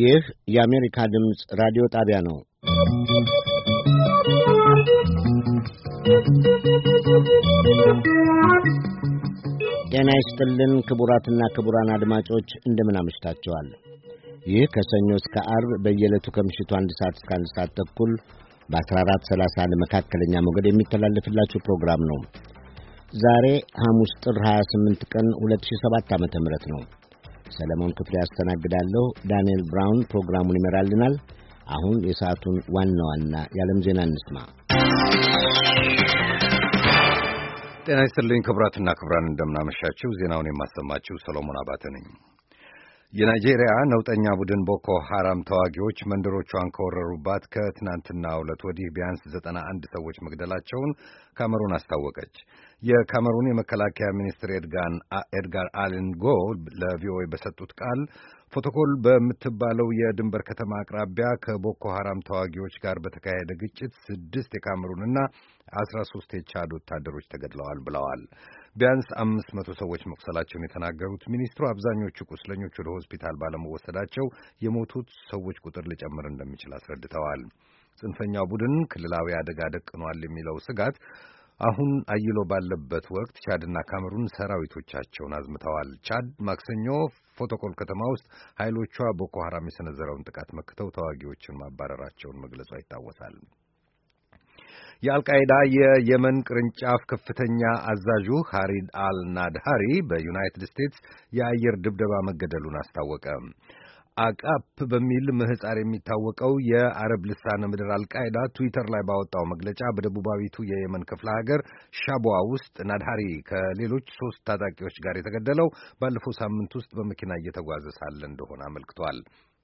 ይህ የአሜሪካ ድምፅ ራዲዮ ጣቢያ ነው። ጤና ይስጥልን ክቡራትና ክቡራን አድማጮች እንደምን አመሽታችኋል። ይህ ከሰኞ እስከ አርብ በየዕለቱ ከምሽቱ አንድ ሰዓት እስከ አንድ ሰዓት ተኩል በ1431 መካከለኛ ሞገድ የሚተላለፍላችሁ ፕሮግራም ነው። ዛሬ ሐሙስ ጥር 28 ቀን 2007 ዓ.ም ነው። ሰለሞን ክፍሌ ያስተናግዳለሁ። ዳንኤል ብራውን ፕሮግራሙን ይመራልናል። አሁን የሰዓቱን ዋና ዋና የዓለም ዜና እንስማ። ጤና ይስጥልኝ ክቡራትና ክቡራን፣ እንደምናመሻችሁ። ዜናውን የማሰማችሁ ሰሎሞን አባተ ነኝ። የናይጄሪያ ነውጠኛ ቡድን ቦኮ ሐራም ተዋጊዎች መንደሮቿን ከወረሩባት ከትናንትና ዕለት ወዲህ ቢያንስ ዘጠና አንድ ሰዎች መግደላቸውን ካሜሩን አስታወቀች። የካሜሩን የመከላከያ ሚኒስትር ኤድጋር አልን ጎ ለቪኦኤ በሰጡት ቃል ፎቶኮል በምትባለው የድንበር ከተማ አቅራቢያ ከቦኮ ሐራም ተዋጊዎች ጋር በተካሄደ ግጭት ስድስት የካሜሩንና አስራ ሶስት የቻድ ወታደሮች ተገድለዋል ብለዋል። ቢያንስ አምስት መቶ ሰዎች መቁሰላቸውን የተናገሩት ሚኒስትሩ አብዛኞቹ ቁስለኞች ወደ ሆስፒታል ባለመወሰዳቸው የሞቱት ሰዎች ቁጥር ሊጨምር እንደሚችል አስረድተዋል። ጽንፈኛው ቡድን ክልላዊ አደጋ ደቅኗል የሚለው ስጋት አሁን አይሎ ባለበት ወቅት ቻድና ካሜሩን ሰራዊቶቻቸውን አዝምተዋል። ቻድ ማክሰኞ ፎቶኮል ከተማ ውስጥ ኃይሎቿ ቦኮ ሐራም የሰነዘረውን ጥቃት መክተው ተዋጊዎችን ማባረራቸውን መግለጿ ይታወሳል። የአልቃይዳ የየመን ቅርንጫፍ ከፍተኛ አዛዡ ሐሪድ አል ናድሃሪ በዩናይትድ ስቴትስ የአየር ድብደባ መገደሉን አስታወቀ። አቃፕ በሚል ምህፃር የሚታወቀው የአረብ ልሳነ ምድር አልቃይዳ ትዊተር ላይ ባወጣው መግለጫ በደቡባዊቱ የየመን ክፍለ ሀገር ሻቧ ውስጥ ናድሃሪ ከሌሎች ሶስት ታጣቂዎች ጋር የተገደለው ባለፈው ሳምንት ውስጥ በመኪና እየተጓዘ ሳለ እንደሆነ አመልክቷል።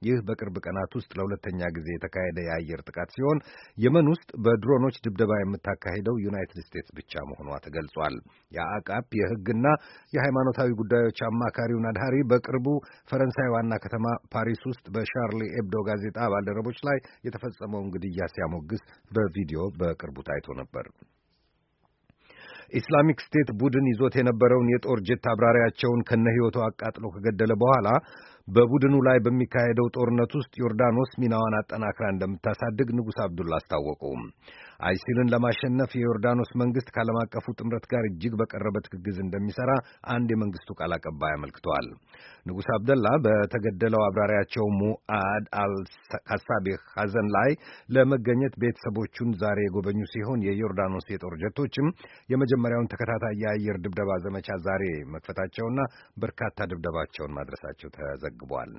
ይህ በቅርብ ቀናት ውስጥ ለሁለተኛ ጊዜ የተካሄደ የአየር ጥቃት ሲሆን የመን ውስጥ በድሮኖች ድብደባ የምታካሂደው ዩናይትድ ስቴትስ ብቻ መሆኗ ተገልጿል። የአቃፕ የሕግና የሃይማኖታዊ ጉዳዮች አማካሪው ናድሃሪ በቅርቡ ፈረንሳይ ዋና ከተማ ፓሪስ ውስጥ በሻርሊ ኤብዶ ጋዜጣ ባልደረቦች ላይ የተፈጸመውን ግድያ ሲያሞግስ በቪዲዮ በቅርቡ ታይቶ ነበር። ኢስላሚክ ስቴት ቡድን ይዞት የነበረውን የጦር ጄት አብራሪያቸውን ከነ ሕይወቱ አቃጥሎ ከገደለ በኋላ በቡድኑ ላይ በሚካሄደው ጦርነት ውስጥ ዮርዳኖስ ሚናዋን አጠናክራ እንደምታሳድግ ንጉሥ አብዱላ አስታወቁ። አይሲልን ለማሸነፍ የዮርዳኖስ መንግስት ከዓለም አቀፉ ጥምረት ጋር እጅግ በቀረበ ትግግዝ እንደሚሰራ አንድ የመንግስቱ ቃል አቀባይ አመልክተዋል። ንጉሥ አብደላ በተገደለው አብራሪያቸው ሙአድ አልካሳቢ ሐዘን ላይ ለመገኘት ቤተሰቦቹን ዛሬ የጎበኙ ሲሆን የዮርዳኖስ የጦር ጀቶችም የመጀመሪያውን ተከታታይ የአየር ድብደባ ዘመቻ ዛሬ መክፈታቸውና በርካታ ድብደባቸውን ማድረሳቸው ተዘግቧል።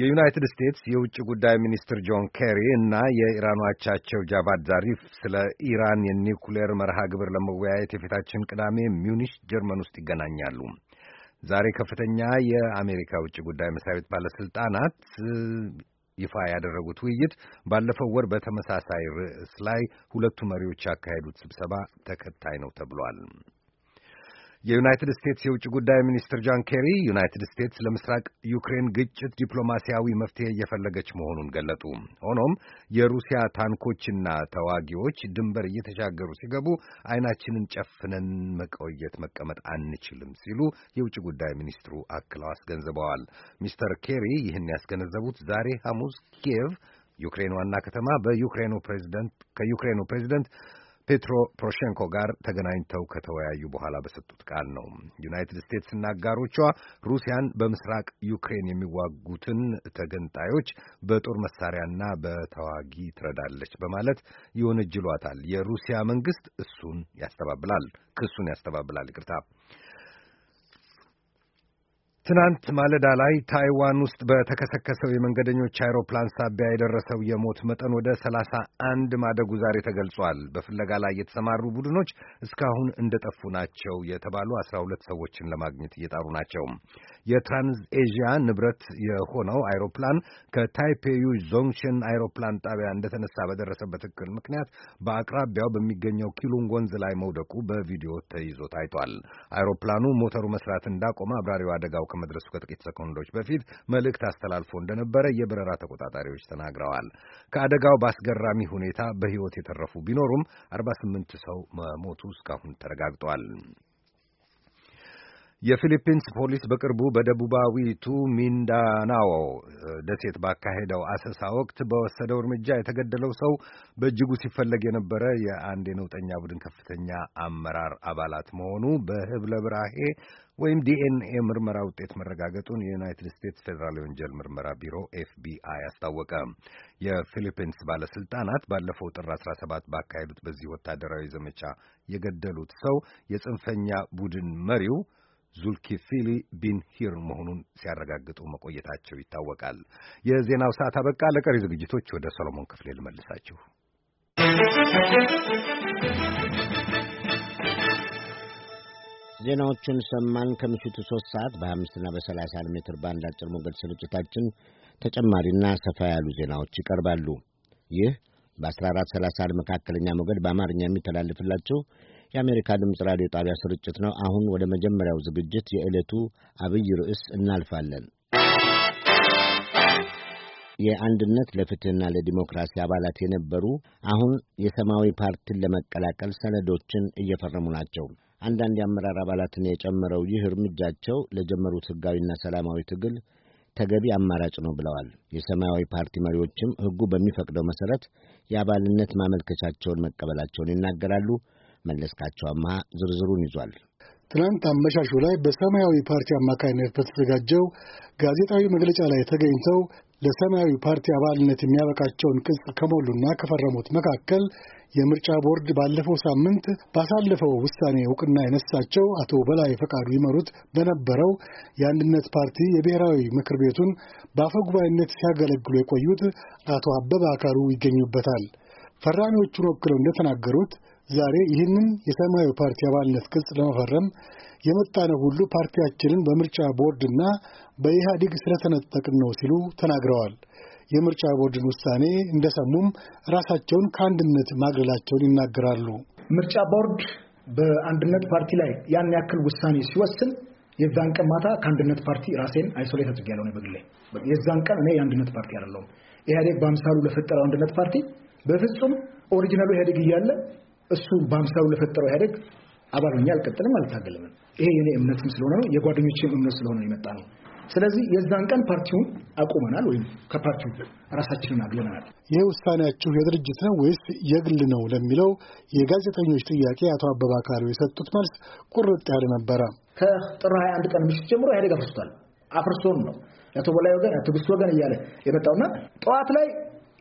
የዩናይትድ ስቴትስ የውጭ ጉዳይ ሚኒስትር ጆን ኬሪ እና የኢራኑ አቻቸው ጃቫድ ዛሪፍ ስለ ኢራን የኒውክሌር መርሃ ግብር ለመወያየት የፊታችን ቅዳሜ ሚኒሽ ጀርመን ውስጥ ይገናኛሉ። ዛሬ ከፍተኛ የአሜሪካ ውጭ ጉዳይ መስሪያ ቤት ባለስልጣናት ይፋ ያደረጉት ውይይት ባለፈው ወር በተመሳሳይ ርዕስ ላይ ሁለቱ መሪዎች ያካሄዱት ስብሰባ ተከታይ ነው ተብሏል። የዩናይትድ ስቴትስ የውጭ ጉዳይ ሚኒስትር ጆን ኬሪ ዩናይትድ ስቴትስ ለምስራቅ ዩክሬን ግጭት ዲፕሎማሲያዊ መፍትሄ እየፈለገች መሆኑን ገለጡ። ሆኖም የሩሲያ ታንኮችና ተዋጊዎች ድንበር እየተሻገሩ ሲገቡ አይናችንን ጨፍነን መቆየት መቀመጥ አንችልም ሲሉ የውጭ ጉዳይ ሚኒስትሩ አክለው አስገንዝበዋል። ሚስተር ኬሪ ይህን ያስገነዘቡት ዛሬ ሐሙስ ኪየቭ ዩክሬን ዋና ከተማ በዩክሬኑ ፕሬዚደንት ከዩክሬኑ ፕሬዚደንት ፔትሮ ፖሮሼንኮ ጋር ተገናኝተው ከተወያዩ በኋላ በሰጡት ቃል ነው። ዩናይትድ ና አጋሮቿ ሩሲያን በምስራቅ ዩክሬን የሚዋጉትን ተገንጣዮች በጦር መሳሪያና በተዋጊ ትረዳለች በማለት ይወነጅሏታል። የሩሲያ መንግስት እሱን ያስተባብላል፣ ክሱን ያስተባብላል። ይቅርታ ትናንት ማለዳ ላይ ታይዋን ውስጥ በተከሰከሰው የመንገደኞች አይሮፕላን ሳቢያ የደረሰው የሞት መጠን ወደ ሰላሳ አንድ ማደጉ ዛሬ ተገልጿል። በፍለጋ ላይ የተሰማሩ ቡድኖች እስካሁን እንደጠፉ ናቸው የተባሉ አስራ ሁለት ሰዎችን ለማግኘት እየጣሩ ናቸው። የትራንስ ኤዥያ ንብረት የሆነው አይሮፕላን ከታይፔዩ ዞንግሽን አይሮፕላን ጣቢያ እንደተነሳ በደረሰበት እክል ምክንያት በአቅራቢያው በሚገኘው ኪሉንግ ወንዝ ላይ መውደቁ በቪዲዮ ተይዞ ታይቷል። አይሮፕላኑ ሞተሩ መስራት እንዳቆመ አብራሪው አደጋው ከመድረሱ ከጥቂት ሰኮንዶች በፊት መልእክት አስተላልፎ እንደነበረ የበረራ ተቆጣጣሪዎች ተናግረዋል። ከአደጋው በአስገራሚ ሁኔታ በሕይወት የተረፉ ቢኖሩም 48 ሰው መሞቱ እስካሁን ተረጋግጧል። የፊሊፒንስ ፖሊስ በቅርቡ በደቡባዊቱ ሚንዳናዎ ደሴት ባካሄደው አሰሳ ወቅት በወሰደው እርምጃ የተገደለው ሰው በእጅጉ ሲፈለግ የነበረ የአንድ የነውጠኛ ቡድን ከፍተኛ አመራር አባላት መሆኑ በህብለ ብራሄ ወይም ዲኤንኤ ምርመራ ውጤት መረጋገጡን የዩናይትድ ስቴትስ ፌዴራል የወንጀል ምርመራ ቢሮ ኤፍቢአይ አስታወቀ። የፊሊፒንስ ባለስልጣናት ባለፈው ጥር 17 ባካሄዱት በዚህ ወታደራዊ ዘመቻ የገደሉት ሰው የጽንፈኛ ቡድን መሪው ዙልኪፊሊ ቢን ሂር መሆኑን ሲያረጋግጡ መቆየታቸው ይታወቃል። የዜናው ሰዓት አበቃ። ለቀሪ ዝግጅቶች ወደ ሰሎሞን ክፍሌ ልመልሳችሁ። ዜናዎቹን ሰማን። ከምሽቱ ሶስት ሰዓት በአምስትና በሰላሳ አንድ ሜትር ባንድ አጭር ሞገድ ስርጭታችን ተጨማሪና ሰፋ ያሉ ዜናዎች ይቀርባሉ። ይህ በ1431 መካከለኛ ሞገድ በአማርኛ የሚተላልፍላችሁ የአሜሪካ ድምፅ ራዲዮ ጣቢያ ስርጭት ነው። አሁን ወደ መጀመሪያው ዝግጅት የዕለቱ አብይ ርዕስ እናልፋለን። የአንድነት ለፍትህና ለዲሞክራሲ አባላት የነበሩ አሁን የሰማያዊ ፓርቲን ለመቀላቀል ሰነዶችን እየፈረሙ ናቸው። አንዳንድ የአመራር አባላትን የጨመረው ይህ እርምጃቸው ለጀመሩት ሕጋዊና ሰላማዊ ትግል ተገቢ አማራጭ ነው ብለዋል። የሰማያዊ ፓርቲ መሪዎችም ሕጉ በሚፈቅደው መሠረት የአባልነት ማመልከቻቸውን መቀበላቸውን ይናገራሉ። መለስካቸው ዝርዝሩን ይዟል። ትናንት አመሻሹ ላይ በሰማያዊ ፓርቲ አማካኝነት በተዘጋጀው ጋዜጣዊ መግለጫ ላይ ተገኝተው ለሰማያዊ ፓርቲ አባልነት የሚያበቃቸውን ቅጽ ከሞሉና ከፈረሙት መካከል የምርጫ ቦርድ ባለፈው ሳምንት ባሳለፈው ውሳኔ እውቅና የነሳቸው አቶ በላይ ፈቃዱ ይመሩት በነበረው የአንድነት ፓርቲ የብሔራዊ ምክር ቤቱን በአፈ ጉባኤነት ሲያገለግሉ የቆዩት አቶ አበበ አካሉ ይገኙበታል። ፈራሚዎቹን ወክለው እንደተናገሩት ዛሬ ይህንን የሰማያዊ ፓርቲ አባልነት ቅጽ ለመፈረም የመጣነው ሁሉ ፓርቲያችንን በምርጫ ቦርድና በኢህአዴግ ስለተነጠቅን ነው ሲሉ ተናግረዋል። የምርጫ ቦርድን ውሳኔ እንደሰሙም ራሳቸውን ከአንድነት ማግለላቸውን ይናገራሉ። ምርጫ ቦርድ በአንድነት ፓርቲ ላይ ያን ያክል ውሳኔ ሲወስን የዛን ቀን ማታ ከአንድነት ፓርቲ ራሴን አይሶሌት አድርጌያለሁ። ነው በግሌ የዛን ቀን እኔ የአንድነት ፓርቲ አይደለሁም። ኢህአዴግ በአምሳሉ ለፈጠረው አንድነት ፓርቲ በፍጹም ኦሪጂናሉ ኢህአዴግ እያለ እሱ በአምሳሉ ለፈጠረው ኢህአዴግ አባል ሆኜ አልቀጥልም፣ አልታገልም። ይሄ የኔ እምነትም ስለሆነ ነው የጓደኞችም እምነት ስለሆነ የመጣ ነው። ስለዚህ የዛን ቀን ፓርቲውን አቁመናል ወይም ከፓርቲው ራሳችንን አግለናል። ይህ ውሳኔያችሁ የድርጅት ነው ወይስ የግል ነው ለሚለው የጋዜጠኞች ጥያቄ አቶ አበባ ካሉ የሰጡት መልስ ቁርጥ ያለ ነበረ። ከጥር 21 ቀን ምሽት ጀምሮ ኢህአዴግ አፍርሷል። አፍርሶን ነው የአቶ በላይ ወገን የአቶ ግስት ወገን እያለ የመጣውና ጠዋት ላይ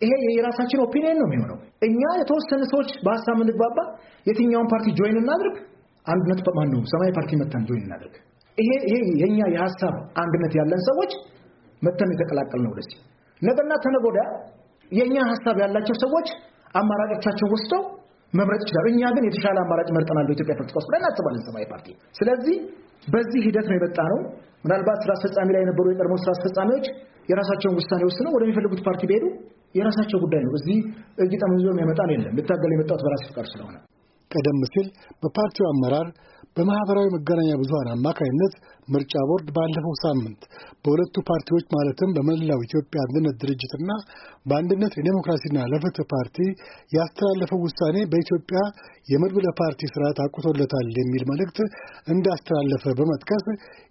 ይሄ የራሳችን ኦፒኒየን ነው የሚሆነው። እኛ የተወሰኑ ሰዎች በሀሳብ ምንግባባ የትኛውን ፓርቲ ጆይን እናድርግ፣ አንድነት በማን ነው ሰማያዊ ፓርቲ መተን ጆይን እናድርግ። ይሄ ይሄ የኛ የሀሳብ አንድነት ያለን ሰዎች መተን የተቀላቀል ነው ደስ ነገና ተነጎዳ የኛ ሀሳብ ያላቸው ሰዎች አማራጮቻቸው ወስደው መምረጥ ይችላሉ። እኛ ግን የተሻለ አማራጭ መርጠናል በኢትዮጵያ ፖለቲካ ውስጥ ብለን እናስባለን ሰማያዊ ፓርቲ። ስለዚህ በዚህ ሂደት ነው የመጣ ነው። ምናልባት ስራ አስፈጻሚ ላይ የነበሩ የቀድሞ ስራ አስፈጻሚዎች የራሳቸውን ውሳኔ ወስነው ወደሚፈልጉት ፓርቲ ቢሄዱ የራሳቸው ጉዳይ ነው። እዚህ እጅ ይዞ የሚያመጣ የለም። ልታገል የመጣሁት በራሴ ፍቃድ ስለሆነ ቀደም ሲል በፓርቲው አመራር በማህበራዊ መገናኛ ብዙሀን አማካኝነት። ምርጫ ቦርድ ባለፈው ሳምንት በሁለቱ ፓርቲዎች ማለትም በመላው ኢትዮጵያ አንድነት ድርጅትና በአንድነት ለዲሞክራሲና ለፍትህ ፓርቲ ያስተላለፈው ውሳኔ በኢትዮጵያ የመድብለ ፓርቲ ስርዓት አቁቶለታል የሚል መልእክት እንዳስተላለፈ በመጥቀስ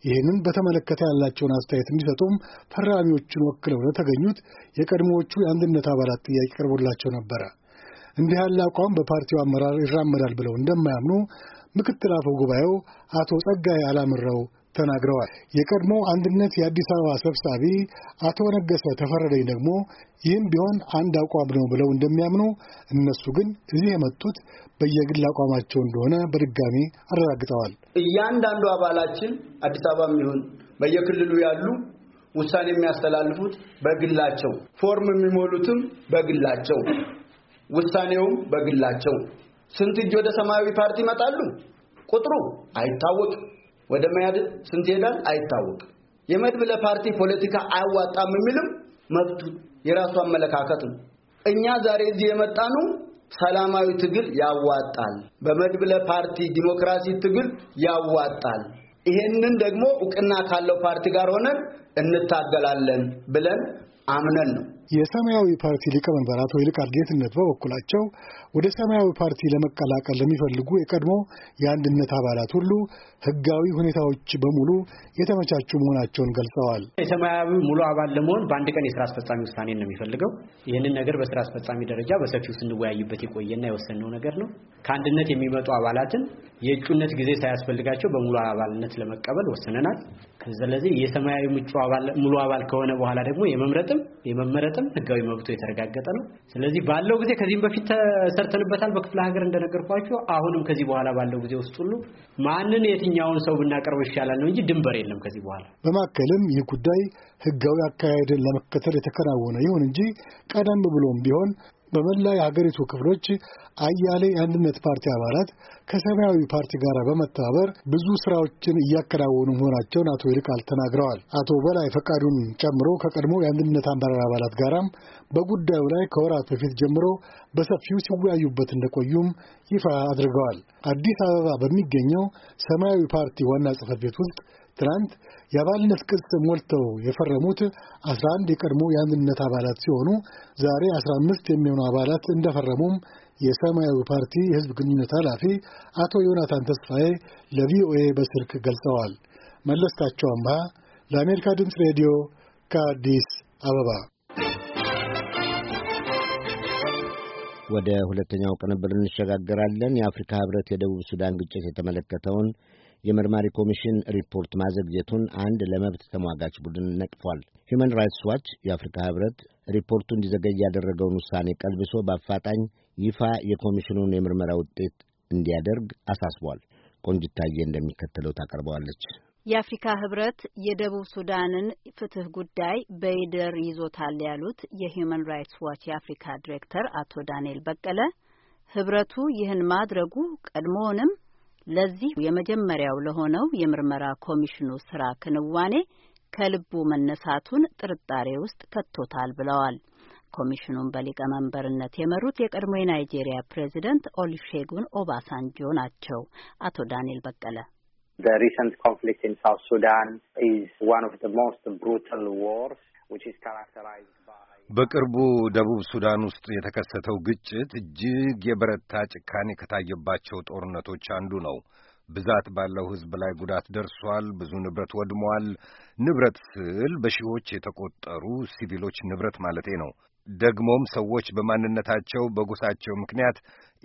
ይህንን በተመለከተ ያላቸውን አስተያየት እንዲሰጡም ፈራሚዎቹን ወክለው ለተገኙት የቀድሞዎቹ የአንድነት አባላት ጥያቄ ቀርቦላቸው ነበረ። እንዲህ ያለ አቋም በፓርቲው አመራር ይራመዳል ብለው እንደማያምኑ ምክትል አፈ ጉባኤው አቶ ጸጋይ አላምረው ተናግረዋል። የቀድሞ አንድነት የአዲስ አበባ ሰብሳቢ አቶ ነገሰ ተፈረደኝ ደግሞ ይህም ቢሆን አንድ አቋም ነው ብለው እንደሚያምኑ፣ እነሱ ግን እዚህ የመጡት በየግል አቋማቸው እንደሆነ በድጋሚ አረጋግጠዋል። እያንዳንዱ አባላችን አዲስ አበባ የሚሆን በየክልሉ ያሉ ውሳኔ የሚያስተላልፉት በግላቸው፣ ፎርም የሚሞሉትም በግላቸው፣ ውሳኔውም በግላቸው። ስንት እጅ ወደ ሰማያዊ ፓርቲ ይመጣሉ ቁጥሩ አይታወቅም። ወደ መያድ ስንት ይሄዳል አይታወቅም። የመድብለ ፓርቲ ፖለቲካ አያዋጣም የሚልም መብቱ የራሱ አመለካከት ነው። እኛ ዛሬ እዚህ የመጣነው ሰላማዊ ትግል ያዋጣል፣ በመድብለ ፓርቲ ዲሞክራሲ ትግል ያዋጣል፣ ይሄንን ደግሞ እውቅና ካለው ፓርቲ ጋር ሆነን እንታገላለን ብለን አምነን ነው። የሰማያዊ ፓርቲ ሊቀመንበር አቶ ይልቃል ጌትነት በበኩላቸው ወደ ሰማያዊ ፓርቲ ለመቀላቀል ለሚፈልጉ የቀድሞ የአንድነት አባላት ሁሉ ህጋዊ ሁኔታዎች በሙሉ የተመቻቹ መሆናቸውን ገልጸዋል። የሰማያዊ ሙሉ አባል ለመሆን በአንድ ቀን የስራ አስፈጻሚ ውሳኔ ነው የሚፈልገው። ይህንን ነገር በስራ አስፈጻሚ ደረጃ በሰፊው ስንወያይበት የቆየና የወሰንነው ነገር ነው። ከአንድነት የሚመጡ አባላትን የእጩነት ጊዜ ሳያስፈልጋቸው በሙሉ አባልነት ለመቀበል ወስነናል። ስለዚህ የሰማያዊ ሙሉ አባል ከሆነ በኋላ ደግሞ የመምረጥም የመመረጥም ህጋዊ መብቶ የተረጋገጠ ነው። ስለዚህ ባለው ጊዜ ከዚህም በፊት ተሰርተንበታል። በክፍለ ሀገር እንደነገርኳቸው አሁንም ከዚህ በኋላ ባለው ጊዜ ውስጥ ሁሉ ማንን የትኛ የትኛውን ሰው ብናቀርብ ይሻላል ነው እንጂ ድንበር የለም ከዚህ በኋላ። በማከልም ይህ ጉዳይ ህጋዊ አካሄድን ለመከተል የተከናወነ ይሁን እንጂ ቀደም ብሎም ቢሆን በመላ የሀገሪቱ ክፍሎች አያሌ የአንድነት ፓርቲ አባላት ከሰማያዊ ፓርቲ ጋር በመተባበር ብዙ ስራዎችን እያከናወኑ መሆናቸውን አቶ ይልቃል ተናግረዋል። አቶ በላይ ፈቃዱን ጨምሮ ከቀድሞ የአንድነት አመራር አባላት ጋራም በጉዳዩ ላይ ከወራት በፊት ጀምሮ በሰፊው ሲወያዩበት እንደቆዩም ይፋ አድርገዋል። አዲስ አበባ በሚገኘው ሰማያዊ ፓርቲ ዋና ጽህፈት ቤት ውስጥ ትናንት የአባልነት ቅጽ ሞልተው የፈረሙት 11 የቀድሞ የአንድነት አባላት ሲሆኑ ዛሬ 15 የሚሆኑ አባላት እንደፈረሙም የሰማያዊ ፓርቲ የህዝብ ግንኙነት ኃላፊ አቶ ዮናታን ተስፋዬ ለቪኦኤ በስልክ ገልጸዋል። መለስካቸው አምሃ ለአሜሪካ ድምፅ ሬዲዮ ከአዲስ አበባ። ወደ ሁለተኛው ቅንብር እንሸጋገራለን። የአፍሪካ ህብረት የደቡብ ሱዳን ግጭት የተመለከተውን የመርማሪ ኮሚሽን ሪፖርት ማዘግጀቱን አንድ ለመብት ተሟጋች ቡድን ነቅፏል። ሂውማን ራይትስ ዋች የአፍሪካ ህብረት ሪፖርቱ እንዲዘገይ ያደረገውን ውሳኔ ቀልብሶ በአፋጣኝ ይፋ የኮሚሽኑን የምርመራ ውጤት እንዲያደርግ አሳስቧል። ቆንጅታዬ እንደሚከተለው ታቀርበዋለች። የአፍሪካ ህብረት የደቡብ ሱዳንን ፍትህ ጉዳይ በይደር ይዞታል ያሉት የሂዩማን ራይትስ ዋች የአፍሪካ ዲሬክተር አቶ ዳንኤል በቀለ ህብረቱ ይህን ማድረጉ ቀድሞውንም ለዚህ የመጀመሪያው ለሆነው የምርመራ ኮሚሽኑ ስራ ክንዋኔ ከልቡ መነሳቱን ጥርጣሬ ውስጥ ከቶታል ብለዋል። ኮሚሽኑን በሊቀመንበርነት የመሩት የቀድሞ የናይጄሪያ ፕሬዚደንት ኦሊሼጉን ኦባሳንጆ ናቸው። አቶ ዳንኤል በቀለ በቅርቡ ደቡብ ሱዳን ውስጥ የተከሰተው ግጭት እጅግ የበረታ ጭካኔ ከታየባቸው ጦርነቶች አንዱ ነው። ብዛት ባለው ሕዝብ ላይ ጉዳት ደርሷል። ብዙ ንብረት ወድሟል። ንብረት ስል በሺዎች የተቆጠሩ ሲቪሎች ንብረት ማለቴ ነው። ደግሞም ሰዎች በማንነታቸው በጎሳቸው ምክንያት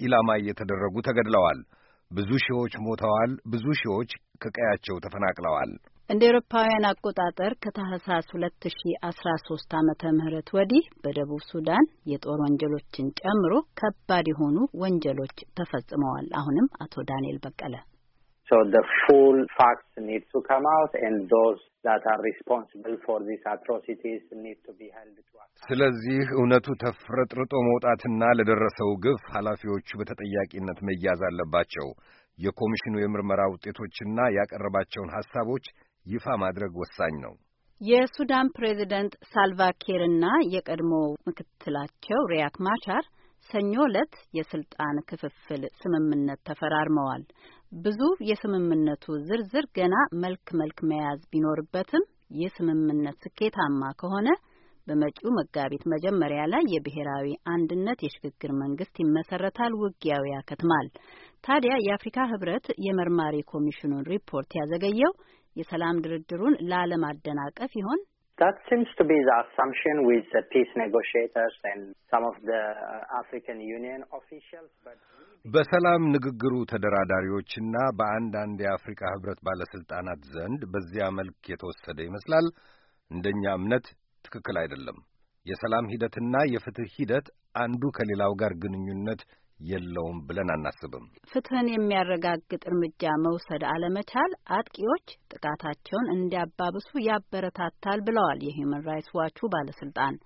ኢላማ እየተደረጉ ተገድለዋል። ብዙ ሺዎች ሞተዋል። ብዙ ሺዎች ከቀያቸው ተፈናቅለዋል። እንደ ኤሮፓውያን አቆጣጠር ከታህሳስ 2013 ዓመተ ምህረት ወዲህ በደቡብ ሱዳን የጦር ወንጀሎችን ጨምሮ ከባድ የሆኑ ወንጀሎች ተፈጽመዋል። አሁንም አቶ ዳንኤል በቀለ So the full facts need to come out and those that are responsible for these atrocities need to be held to account። ስለዚህ እውነቱ ተፍረጥርጦ መውጣትና ለደረሰው ግፍ ኃላፊዎቹ በተጠያቂነት መያዝ አለባቸው። የኮሚሽኑ የምርመራ ውጤቶችና ያቀረባቸውን ሐሳቦች ይፋ ማድረግ ወሳኝ ነው። የሱዳን ፕሬዝደንት ሳልቫኪርና የቀድሞ ምክትላቸው ሪያክ ማቻር ሰኞ ዕለት የስልጣን ክፍፍል ስምምነት ተፈራርመዋል። ብዙ የስምምነቱ ዝርዝር ገና መልክ መልክ መያዝ ቢኖርበትም ይህ ስምምነት ስኬታማ ከሆነ በመጪው መጋቢት መጀመሪያ ላይ የብሔራዊ አንድነት የሽግግር መንግስት ይመሰረታል፣ ውጊያው ያከትማል። ታዲያ የአፍሪካ ህብረት የመርማሪ ኮሚሽኑን ሪፖርት ያዘገየው የሰላም ድርድሩን ላለማደናቀፍ ይሆን? በሰላም ንግግሩ ተደራዳሪዎችና በአንዳንድ የአፍሪካ ህብረት ባለሥልጣናት ዘንድ በዚያ መልክ የተወሰደ ይመስላል። እንደኛ እምነት ትክክል አይደለም። የሰላም ሂደትና የፍትህ ሂደት አንዱ ከሌላው ጋር ግንኙነት የለውም ብለን አናስብም። ፍትህን የሚያረጋግጥ እርምጃ መውሰድ አለመቻል አጥቂዎች ጥቃታቸውን እንዲያባብሱ ያበረታታል ብለዋል የሂውማን ራይትስ ዋቹ ባለስልጣን።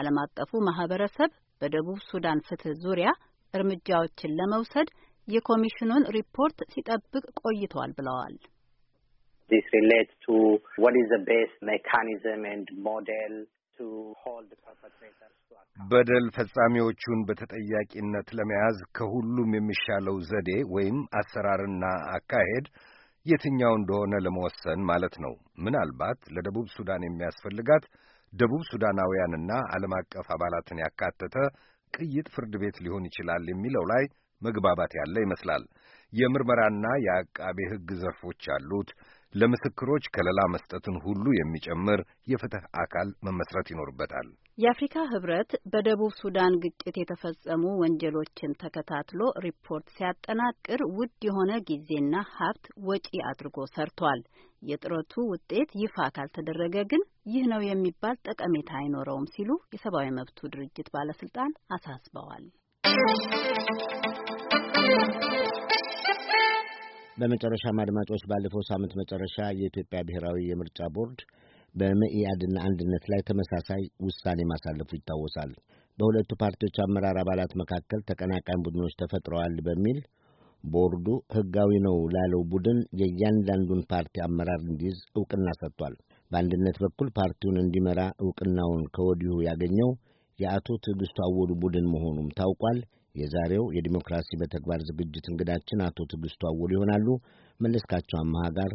ዓለም አቀፉ ማህበረሰብ በደቡብ ሱዳን ፍትህ ዙሪያ እርምጃዎችን ለመውሰድ የኮሚሽኑን ሪፖርት ሲጠብቅ ቆይቷል ብለዋል። በደል ፈጻሚዎቹን በተጠያቂነት ለመያዝ ከሁሉም የሚሻለው ዘዴ ወይም አሰራርና አካሄድ የትኛው እንደሆነ ለመወሰን ማለት ነው። ምናልባት ለደቡብ ሱዳን የሚያስፈልጋት ደቡብ ሱዳናውያንና ዓለም አቀፍ አባላትን ያካተተ ቅይጥ ፍርድ ቤት ሊሆን ይችላል የሚለው ላይ መግባባት ያለ ይመስላል። የምርመራና የአቃቤ ሕግ ዘርፎች ያሉት ለምስክሮች ከለላ መስጠትን ሁሉ የሚጨምር የፍትህ አካል መመስረት ይኖርበታል። የአፍሪካ ህብረት በደቡብ ሱዳን ግጭት የተፈጸሙ ወንጀሎችን ተከታትሎ ሪፖርት ሲያጠናቅር ውድ የሆነ ጊዜና ሀብት ወጪ አድርጎ ሰርቷል። የጥረቱ ውጤት ይፋ ካልተደረገ ግን ይህ ነው የሚባል ጠቀሜታ አይኖረውም ሲሉ የሰብአዊ መብቱ ድርጅት ባለስልጣን አሳስበዋል። በመጨረሻም አድማጮች ባለፈው ሳምንት መጨረሻ የኢትዮጵያ ብሔራዊ የምርጫ ቦርድ በመኢአድና አንድነት ላይ ተመሳሳይ ውሳኔ ማሳለፉ ይታወሳል። በሁለቱ ፓርቲዎች አመራር አባላት መካከል ተቀናቃኝ ቡድኖች ተፈጥረዋል በሚል ቦርዱ ሕጋዊ ነው ላለው ቡድን የእያንዳንዱን ፓርቲ አመራር እንዲይዝ እውቅና ሰጥቷል። በአንድነት በኩል ፓርቲውን እንዲመራ እውቅናውን ከወዲሁ ያገኘው የአቶ ትዕግስቱ አወሉ ቡድን መሆኑም ታውቋል። የዛሬው የዲሞክራሲ በተግባር ዝግጅት እንግዳችን አቶ ትዕግስቱ አወሉ ይሆናሉ። መለስካቸው አመሃ ጋር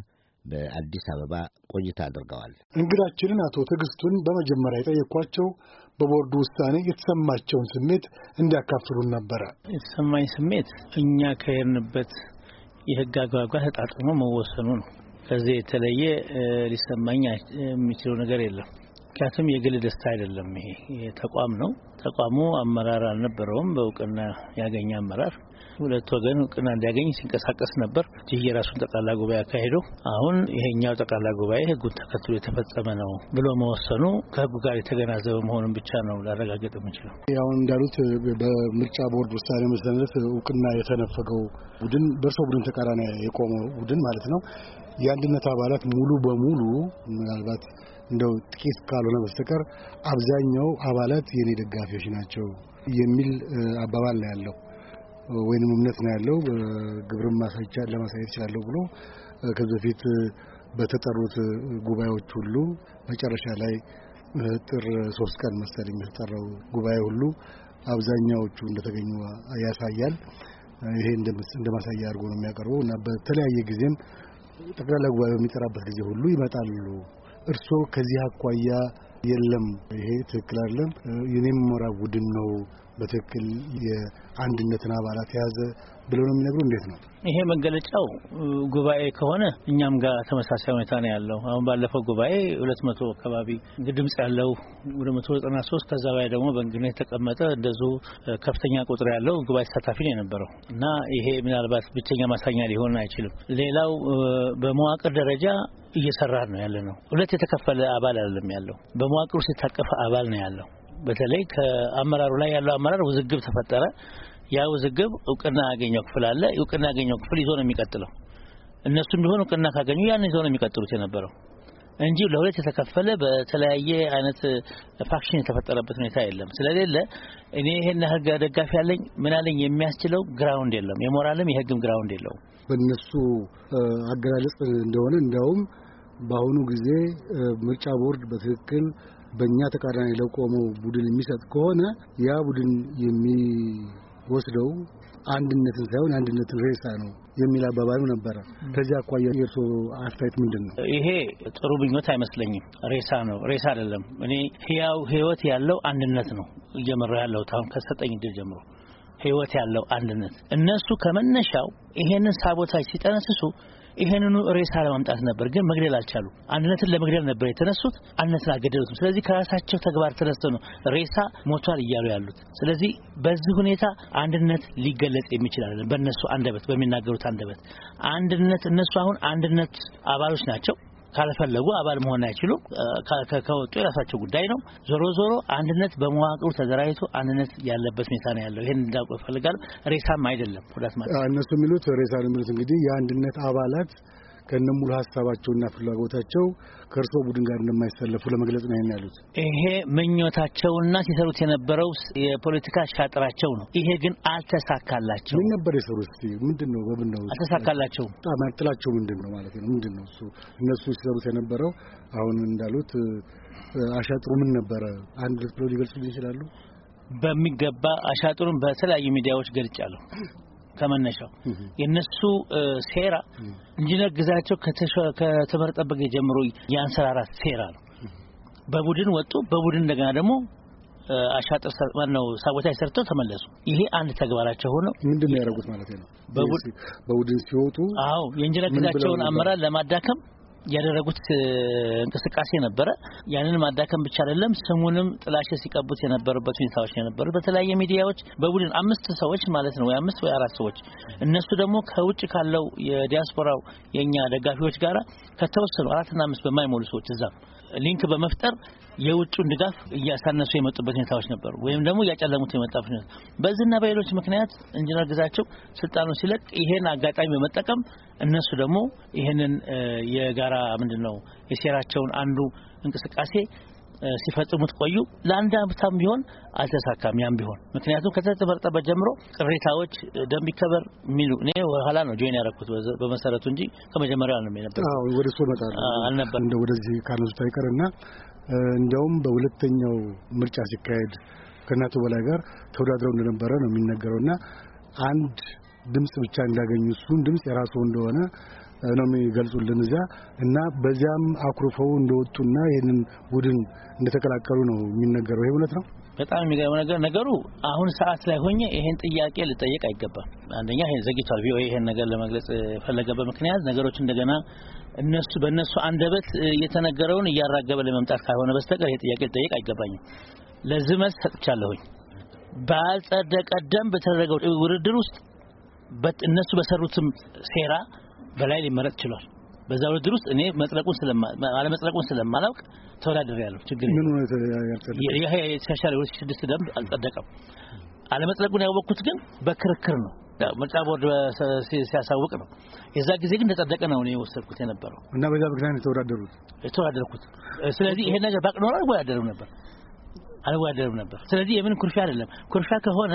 በአዲስ አበባ ቆይታ አድርገዋል። እንግዳችንን አቶ ትዕግስቱን በመጀመሪያ የጠየኳቸው በቦርዱ ውሳኔ የተሰማቸውን ስሜት እንዲያካፍሉን ነበረ። የተሰማኝ ስሜት እኛ ከሄድንበት የህግ አግባብ ጋር ተጣጥሞ መወሰኑ ነው። ከዚህ የተለየ ሊሰማኝ የሚችለው ነገር የለም። ምክንያቱም የግል ደስታ አይደለም። ይሄ ተቋም ነው ተቋሙ አመራር አልነበረውም። በእውቅና ያገኘ አመራር ሁለት ወገን እውቅና እንዲያገኝ ሲንቀሳቀስ ነበር። ይህ የራሱን ጠቅላላ ጉባኤ አካሄደው አሁን ይሄኛው ጠቅላላ ጉባኤ ህጉን ተከትሎ የተፈጸመ ነው ብሎ መወሰኑ ከህጉ ጋር የተገናዘበ መሆኑን ብቻ ነው ላረጋገጥ የምችለው። አሁን እንዳሉት በምርጫ ቦርድ ውሳኔ መሰረት እውቅና የተነፈገው ቡድን በእርሶ ቡድን ተቃራኒ የቆመ ቡድን ማለት ነው የአንድነት አባላት ሙሉ በሙሉ ምናልባት እንደው ጥቂት ካልሆነ በስተቀር አብዛኛው አባላት የኔ ደጋፊዎች ናቸው የሚል አባባል ነው ያለው ወይንም እምነት ነው ያለው። ግብርን ለማሳየት ይችላለሁ ብሎ ከዚህ በፊት በተጠሩት ጉባኤዎች ሁሉ መጨረሻ ላይ ጥር ሶስት ቀን መሰለኝ የተጠራው ጉባኤ ሁሉ አብዛኛዎቹ እንደተገኙ ያሳያል። ይሄ እንደማሳያ አድርጎ ነው የሚያቀርበው እና በተለያየ ጊዜም ጠቅላላ ጉባኤ በሚጠራበት ጊዜ ሁሉ ይመጣሉ። እርስዎ ከዚህ አኳያ የለም ይሄ ትክክል አይደለም፣ የኔም ምዕራብ ቡድን ነው በትክክል የአንድነትን አባላት የያዘ ብለው ነው የሚነግሩ። እንዴት ነው ይሄ መገለጫው? ጉባኤ ከሆነ እኛም ጋር ተመሳሳይ ሁኔታ ነው ያለው። አሁን ባለፈው ጉባኤ ሁለት መቶ አካባቢ ድምጽ ያለው ወደ መቶ ዘጠና ሶስት ከዛ በላይ ደግሞ በእንግድነት የተቀመጠ እንደዙ ከፍተኛ ቁጥር ያለው ጉባኤ ተሳታፊ ነው የነበረው እና ይሄ ምናልባት ብቸኛ ማሳኛ ሊሆን አይችልም። ሌላው በመዋቅር ደረጃ እየሰራ ነው ያለ ነው። ሁለት የተከፈለ አባል አይደለም ያለው፣ በመዋቅር ውስጥ የታቀፈ አባል ነው ያለው። በተለይ ከአመራሩ ላይ ያለው አመራር ውዝግብ ተፈጠረ። ያ ውዝግብ እውቅና ያገኘው ክፍል አለ። እውቅና ያገኘው ክፍል ይዞ ነው የሚቀጥለው። እነሱም ቢሆን እውቅና ካገኙ ያን ይዞ ነው የሚቀጥሉት የነበረው እንጂ ለሁለት የተከፈለ በተለያየ አይነት ፋክሽን የተፈጠረበት ሁኔታ የለም ስለሌለ እኔ ይሄን ህግ ደጋፊ ያለኝ ምን አለኝ የሚያስችለው ግራውንድ የለም። የሞራልም የህግም ግራውንድ የለውም። በእነሱ አገላለጽ እንደሆነ እንዲያውም በአሁኑ ጊዜ ምርጫ ቦርድ በትክክል በእኛ ተቃራኒ ለቆመው ቡድን የሚሰጥ ከሆነ ያ ቡድን የሚወስደው አንድነትን ሳይሆን አንድነትን ሬሳ ነው የሚል አባባሉ ነበረ። ከዚህ አኳያ የእርስዎ አስተያየት ምንድን ነው? ይሄ ጥሩ ብኞት አይመስለኝም። ሬሳ ነው ሬሳ አይደለም። እኔ ህያው ህይወት ያለው አንድነት ነው እየመራ ያለሁት አሁን ከሰጠኝ ድል ጀምሮ ህይወት ያለው አንድነት። እነሱ ከመነሻው ይሄንን ሳቦታጅ ሲጠነስሱ ይሄንኑ ሬሳ ለማምጣት ነበር፣ ግን መግደል አልቻሉ። አንድነትን ለመግደል ነበር የተነሱት፣ አንድነትን አልገደሉትም። ስለዚህ ከራሳቸው ተግባር ተነስተው ነው ሬሳ ሞቷል እያሉ ያሉት። ስለዚህ በዚህ ሁኔታ አንድነት ሊገለጽ የሚችል አይደለም፣ በእነሱ አንደበት፣ በሚናገሩት አንደበት አንድነት እነሱ አሁን አንድነት አባሎች ናቸው። ካልፈለጉ አባል መሆን አይችሉም። ከወጡ የራሳቸው ጉዳይ ነው። ዞሮ ዞሮ አንድነት በመዋቅሩ ተደራጅቶ አንድነት ያለበት ሁኔታ ነው ያለው። ይህን እንዳውቁ ይፈልጋል። ሬሳም አይደለም ሁዳት ማለት እነሱ የሚሉት ሬሳ የሚሉት እንግዲህ የአንድነት አባላት ከነሙሉ ሀሳባቸውና ፍላጎታቸው ከእርሶ ቡድን ጋር እንደማይሰለፉ ለመግለጽ ነው ይሄን ያሉት። ይሄ ምኞታቸውና ሲሰሩት የነበረው የፖለቲካ ሻጥራቸው ነው። ይሄ ግን አልተሳካላቸው። ምን ነበር የሰሩት? ምንድን ነው በምን ነው አልተሳካላቸው? ጥላቸው ምንድን ነው ማለት ነው? ምንድን ነው እሱ እነሱ ሲሰሩት የነበረው አሁን እንዳሉት አሻጥሩ ምን ነበረ? አንድ ሁለት ብለው ሊገልጹልን ይችላሉ? በሚገባ አሻጥሩን በተለያዩ ሚዲያዎች ገልጫለሁ። ከመነሻው የነሱ ሴራ ኢንጂነር ግዛቸው ከተመረጠበት ጀምሮ የአንሰራራት ሴራ ነው። በቡድን ወጡ። በቡድን እንደገና ደግሞ አሻጥር ነው ሳቦታጅ ሰርተው ተመለሱ። ይሄ አንድ ተግባራቸው ሆነው ምንድን ነው ያደረጉት ማለት ነው። በቡድን ሲወጡ አዎ የኢንጂነር ግዛቸውን አመራር ለማዳከም ያደረጉት እንቅስቃሴ ነበረ። ያንን ማዳከም ብቻ አይደለም፣ ስሙንም ጥላሸት ሲቀቡት የነበረበት ሁኔታዎች የነበሩ በተለያየ ሚዲያዎች በቡድን አምስት ሰዎች ማለት ነው ወይ አምስት ወይ አራት ሰዎች እነሱ ደግሞ ከውጭ ካለው የዲያስፖራው የኛ ደጋፊዎች ጋራ ከተወሰኑ አራትና አምስት በማይሞሉ ሰዎች እዛም ሊንክ በመፍጠር የውጭውን ድጋፍ እያሳነሱ የመጡበት ሁኔታዎች ነበሩ፣ ወይም ደግሞ እያጨለሙት የመጣበት ሁኔታ በዚህና በሌሎች ምክንያት ኢንጂነር ግዛቸው ስልጣኑ ሲለቅ ይሄን አጋጣሚ በመጠቀም እነሱ ደግሞ ይሄንን የጋራ ምንድን ነው የሴራቸውን አንዱ እንቅስቃሴ ሲፈጽሙት ቆዩ። ለአንድ አመትም ቢሆን አልተሳካም። ያም ቢሆን ምክንያቱም ከተመረጠበት ጀምሮ ቅሬታዎች፣ ደንብ ይከበር የሚሉ እኔ ኋላ ነው ጆይን ያደረኩት በመሰረቱ እንጂ ከመጀመሪያው ነው የነበረ። አዎ ወደ እሱ እመጣለሁ አልነበረ እንደ ወደዚህ ካልነሱት አይቀርና እንደውም በሁለተኛው ምርጫ ሲካሄድ ከእናቱ በላይ ጋር ተወዳድረው እንደነበረ ነው የሚነገረውና አንድ ድምጽ ብቻ እንዳገኙ እሱን ድምጽ የራሱ እንደሆነ ነው የሚገልጹልን እዚያ እና በዚያም አኩርፈው እንደወጡና ይህንን ቡድን እንደተቀላቀሉ ነው የሚነገረው። ይሄ እውነት ነው። በጣም የሚገርም ነገር ነገሩ አሁን ሰዓት ላይ ሆኜ ይሄን ጥያቄ ልጠየቅ አይገባም። አንደኛ ይሄን ዘግቷል ቪኦኤ ይሄን ነገር ለመግለጽ የፈለገበት ምክንያት ነገሮች እንደገና እነሱ በእነሱ አንደበት የተነገረውን እያራገበ ለመምጣት ካልሆነ በስተቀር ይሄ ጥያቄ ልጠየቅ አይገባኝም። ለዚህ መልስ ሰጥቻለሁኝ። ባልጸደቀደም በተደረገው ውድድር ውስጥ እነሱ በሰሩትም ሴራ በላይ ሊመረጥ ችሏል። በዛ ውድድር ውስጥ እኔ መጽለቁን ስለማ አለመጽለቁን ስለማላውቅ ተወዳድሬ ያለው ችግር ምን ነው ይሄ የተሻሻለ ሁለት ሺህ ስድስት ደንብ አልጸደቀም። አለመጽለቁን ያወቅኩት ግን በክርክር ነው ምርጫ ቦርድ ሲያሳውቅ ነው። የዛ ጊዜ ግን ተጸደቀ ነው እኔ ወሰድኩት የነበረው እና በዛ ምክንያት የተወዳደሩት የተወዳደርኩት። ስለዚህ ይሄ ነገር ባቅ ኖሮ አልወዳደርም ነበር አልወዳደርም ነበር። ስለዚህ የምን ኩርፊያ አይደለም። ኩርፊያ ከሆነ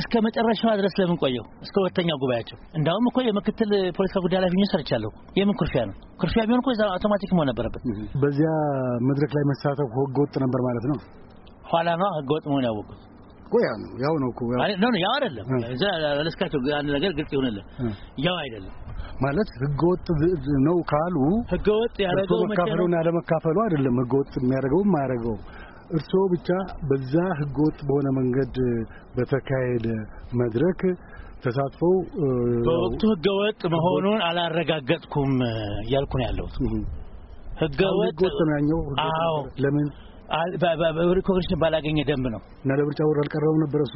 እስከ መጨረሻዋ ድረስ ለምን ቆየው? እስከ ሁለተኛው ጉባኤያቸው። እንዳውም እኮ የምክትል ፖለቲካ ጉዳይ ላይ ሆኜ ሰርቻለሁ። የምን ኩርፊያ ነው? ኩርፊያ ቢሆን እኮ አውቶማቲክ መሆን ነበረበት። በዚያ መድረክ ላይ መሳተፉ ህገ ነበር ማለት ነው። ኋላ ነው ህገ ወጥ መሆን ያወቁት። ያው ነው ያው ነው እኮ ያው አይደለም። ለስካቸው አንድ ነገር ግልጽ ይሆንልህ። ያው አይደለም ማለት ህገወጥ ነው ካሉ ህገወጥ ያደረገው መካፈሉና ያለመካፈሉ አይደለም። ህገወጥ የሚያደርገው የማያደርገው እርስዎ ብቻ በዛ ህገወጥ በሆነ መንገድ በተካሄደ መድረክ ተሳትፈው በወቅቱ ህገወጥ መሆኑን አላረጋገጥኩም እያልኩ ነው ያለሁት። ህገወጥ ነው። አዎ ለምን ሪኮግኒሽን ባላገኘ ደንብ ነው እና ለምርጫ ወር አልቀረበም ነበር እሱ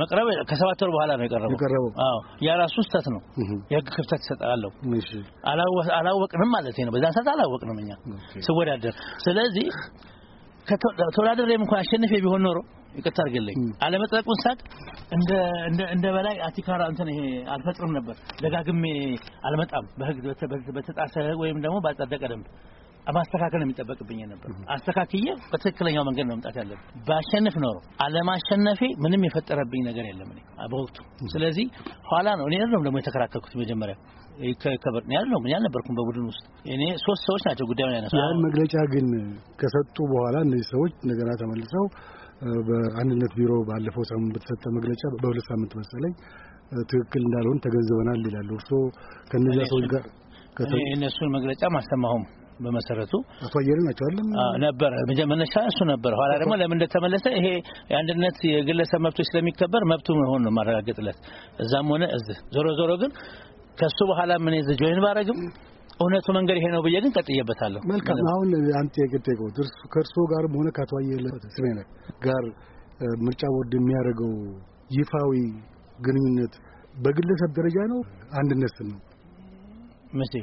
መቅረብ ከሰባት ወር በኋላ ነው የቀረበው። የቀረበው አዎ፣ ያ ራሱ ስህተት ነው። የህግ ክፍተት እሰጥሃለሁ። እሺ፣ አላወቅንም ማለት ነው። በዛ ሰዓት አላወቅንም እኛ ስወዳደር። ስለዚህ ተወዳደሬም እንኳን አሸንፌ ቢሆን ኖሮ ይቅርታ አድርግልኝ አለመጥረቁን ሳቅ እንደ እንደ በላይ አቲካራ እንትን ይሄ አልፈጥርም ነበር። ደጋግሜ አልመጣም በህግ በተጣሰ ወይም ደግሞ ባጸደቀ ደንብ ማስተካከል የሚጠበቅብኝ ነበር። አስተካክዬ በትክክለኛው መንገድ ነው መምጣት ያለብኝ። ባሸንፍ ኖሮ አለማሸነፌ ምንም የፈጠረብኝ ነገር የለም እኔ በወቅቱ። ስለዚህ ኋላ ነው እኔ ነው ደግሞ የተከራከርኩት መጀመሪያ ከበር ነው ያለው። ምን አልነበርኩም በቡድን ውስጥ እኔ ሶስት ሰዎች ናቸው ጉዳዩን ያነሱ። ያን መግለጫ ግን ከሰጡ በኋላ እነዚህ ሰዎች እንደገና ተመልሰው በአንድነት ቢሮ ባለፈው ሳምንት በተሰጠ መግለጫ በሁለት ሳምንት መሰለኝ ትክክል እንዳልሆን ተገንዝበናል ይላሉ። እርስዎ ከእነዚያ ሰዎች ጋር እነሱን መግለጫ ማሰማሁም በመሰረቱ አቶ አየለ ናቸው አይደል? ነበር መነሻ እሱ ነበር። ኋላ ደግሞ ለምን እንደተመለሰ ይሄ የአንድነት የግለሰብ መብቶች ስለሚከበር መብቱ መሆን ነው ማረጋገጥለት እዛም ሆነ እዚህ። ዞሮ ዞሮ ግን ከሱ በኋላ ምን እዚህ ጆይን ባረግም እውነቱ መንገድ ይሄ ነው ብዬ ግን ቀጥዬበታለሁ። መልካም። አሁን አንተ የገጠቀው ድርሱ ከእርሶ ጋርም ሆነ ከአቶ አየለ ስሜነህ ጋር ምርጫ ቦርድ የሚያደርገው ይፋዊ ግንኙነት በግለሰብ ደረጃ ነው አንድነት ነው መቼ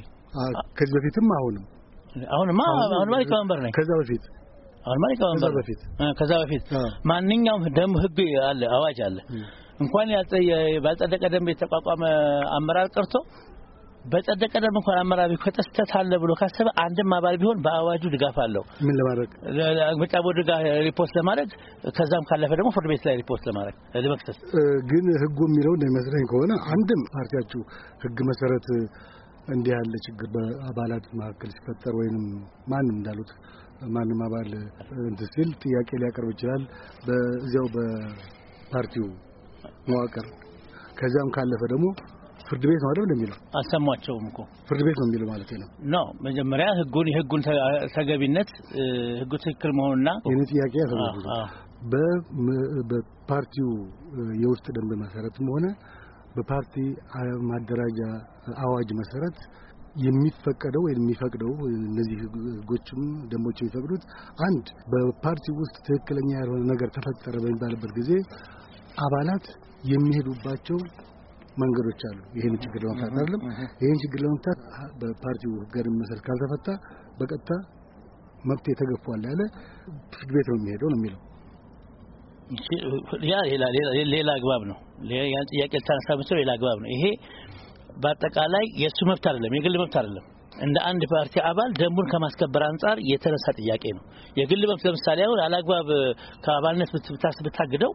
ከዚህ በፊትም አሁንም አሁንማ አሁንማ ሊቀመንበር ነኝ። ከዛ በፊት አሁንማ ሊቀመንበር በፊት ከዛ በፊት ማንኛውም ደንብ ህግ አለ፣ አዋጅ አለ። እንኳን ባልጸደቀ ደንብ የተቋቋመ አመራር ቀርቶ በጸደቀ ደንብ እንኳን አመራር ቢኮተስተት አለ ብሎ ካሰበ አንድም አባል ቢሆን በአዋጁ ድጋፍ አለው። ምን ለማድረግ ምርጫ ቦርድ ጋር ሪፖርት ለማድረግ ከዛም ካለፈ ደግሞ ፍርድ ቤት ላይ ሪፖርት ለማድረግ ለመክሰስ። ግን ህጉ የሚለው እንደሚመስለኝ ከሆነ አንድም ፓርቲያችሁ ህግ መሰረት እንዲህ ያለ ችግር በአባላት መካከል ሲፈጠር ወይንም ማንም እንዳሉት ማንም አባል እንትን ሲል ጥያቄ ሊያቀርብ ይችላል በዚያው በፓርቲው መዋቅር። ከዚያም ካለፈ ደግሞ ፍርድ ቤት ነው አይደል እንደሚለው አልሰማቸውም እኮ ፍርድ ቤት ነው የሚለው ማለት ነው። ኖ መጀመሪያ ህጉን የህጉን ተገቢነት ህጉ ትክክል መሆኑና የኔ ጥያቄ ያሰማሁ በፓርቲው የውስጥ ደንብ መሰረትም ሆነ በፓርቲ ማደራጃ አዋጅ መሰረት የሚፈቀደው ወይም የሚፈቅደው እነዚህ ህጎችም ደንቦች የሚፈቅዱት አንድ በፓርቲ ውስጥ ትክክለኛ ያልሆነ ነገር ተፈጠረ በሚባልበት ጊዜ አባላት የሚሄዱባቸው መንገዶች አሉ። ይህን ችግር ለመፍታት አይደለም። ይህን ችግር ለመፍታት በፓርቲው ህገ መሰረት ካልተፈታ በቀጥታ መብት የተገፏል ያለ ፍርድ ቤት ነው የሚሄደው ነው የሚለው ያ ሌላ አግባብ ነው። ያን ጥያቄ ልታነሳ ሌላ አግባብ ነው። ይሄ በአጠቃላይ የእሱ መብት አይደለም፣ የግል መብት አይደለም። እንደ አንድ ፓርቲ አባል ደንቡን ከማስከበር አንጻር የተነሳ ጥያቄ ነው። የግል መብት ለምሳሌ አሁን አላግባብ ከአባልነት ብታግደው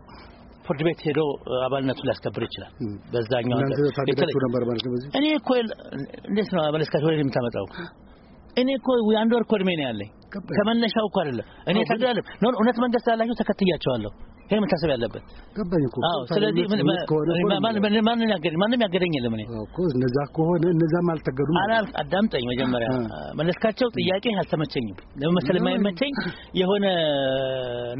ፍርድ ቤት ሄዶ አባልነቱን ሊያስከብር ይችላል። በዛኛው እኔ እኮ እንዴት ነው መለስካቸው ወደ የምታመጣው? እኔ እኮ አንድ ወር እኮ እድሜ ነው ያለኝ ከመነሻው እኮ አይደለም እኔ ሰግዳለሁ ነው እውነት መንገስት ያላችሁ ተከትያቸዋለሁ ይሄ መታሰብ ያለበት ገባኝ እኮ አዎ ስለዚህ ማን ያገደኝ ማንም ያገደኝ የለም እኔ እኮ እነዛ ከሆነ እነዛም አልተገዱም አላል አዳምጠኝ መጀመሪያ መለስካቸው ጥያቄ አልተመቸኝም ለመመሰል የማይመቸኝ የሆነ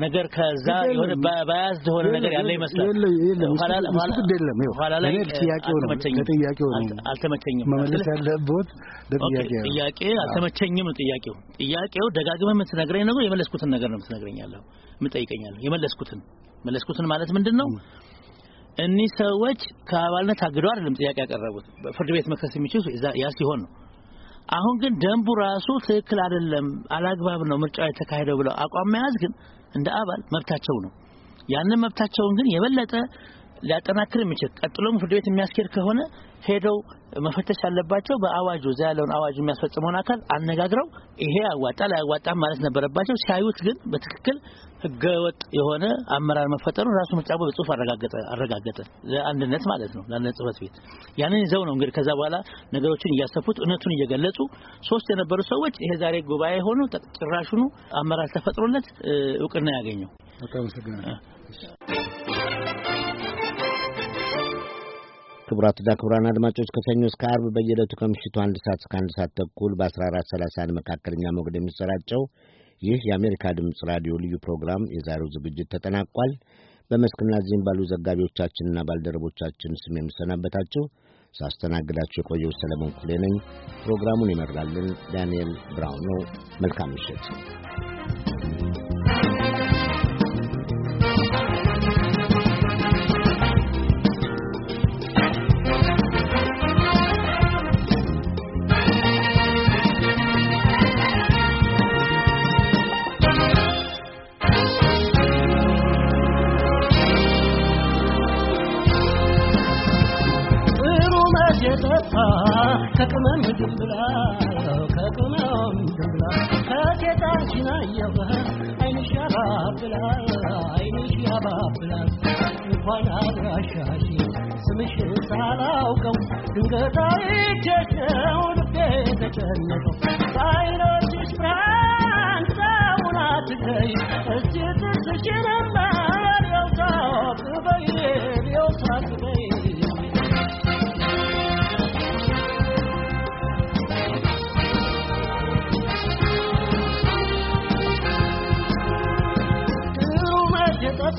ነገር ከዛ የሆነ ባያዝ የሆነ ነገር ያለ ይመስላል የለም የለም ኋላ ላይ ጥያቄው ነው ጥያቄው ነው አልተመቸኝም መመለስ ያለበት ጥያቄ ጥያቄ አልተመቸኝም ጥያቄው ጥያቄው ደጋግመህ የምትነግረኝ ነገር የመለስኩትን ነገር ነው የምትነግረኛለህ የምጠይቀኛለህ የመለስኩትን መለስኩትን ማለት ምንድነው እኒህ ሰዎች ከአባልነት አግደው አይደለም ጥያቄ ያቀረቡት ፍርድ ቤት መክሰስ የሚችሉ ያ ሲሆን ነው አሁን ግን ደንቡ ራሱ ትክክል አይደለም አላግባብ ነው ምርጫው የተካሄደው ብለው አቋም መያዝ ግን እንደ አባል መብታቸው ነው ያንን መብታቸውን ግን የበለጠ ሊያጠናክር የሚችል ቀጥሎም ፍርድ ቤት የሚያስኬድ ከሆነ ሄደው መፈተሽ ያለባቸው በአዋጁ እዛ ያለውን አዋጁ የሚያስፈጽመውን አካል አነጋግረው ይሄ ያዋጣል አያዋጣም ማለት ነበረባቸው። ሲያዩት ግን በትክክል ህገወጥ የሆነ አመራር መፈጠሩ ራሱ ምርጫ ቦርድ በጽሁፍ አረጋገጠ ለአንድነት ማለት ነው ለአንድነት ጽህፈት ቤት ያንን ይዘው ነው እንግዲህ ከዛ በኋላ ነገሮችን እያሰፉት እውነቱን እየገለጹ ሶስት የነበሩ ሰዎች ይሄ ዛሬ ጉባኤ የሆኑ ጭራሹኑ አመራር ተፈጥሮለት እውቅና ያገኘው ክቡራትና ክቡራን አድማጮች ከሰኞ እስከ አርብ በየዕለቱ ከምሽቱ አንድ ሰዓት እስከ አንድ ሰዓት ተኩል በ1431 መካከለኛ ሞገድ የሚሰራጨው ይህ የአሜሪካ ድምፅ ራዲዮ ልዩ ፕሮግራም የዛሬው ዝግጅት ተጠናቋል። በመስክና እዚህም ባሉ ዘጋቢዎቻችንና ባልደረቦቻችን ስም የምሰናበታቸው ሳስተናግዳችሁ የቆየው ሰለሞን ክፍሌ ነኝ። ፕሮግራሙን ይመራልን ዳንኤል ብራውን ነው። መልካም ምሽት። የጠጣ ከቅመም ድንብላ ከቅመም ድንብላ ከሴጣን ሲናየው አይንሽ ያባብላል አይንሽ ያባብላል እንኳን አድራሻሽ ስምሽ ሳላውቀው ድንገት አይቼሽው ልቤ ተጨነቀው በአይኖችሽ ብርሃን ሰውን አትለይ እስቲ ትስሽንማ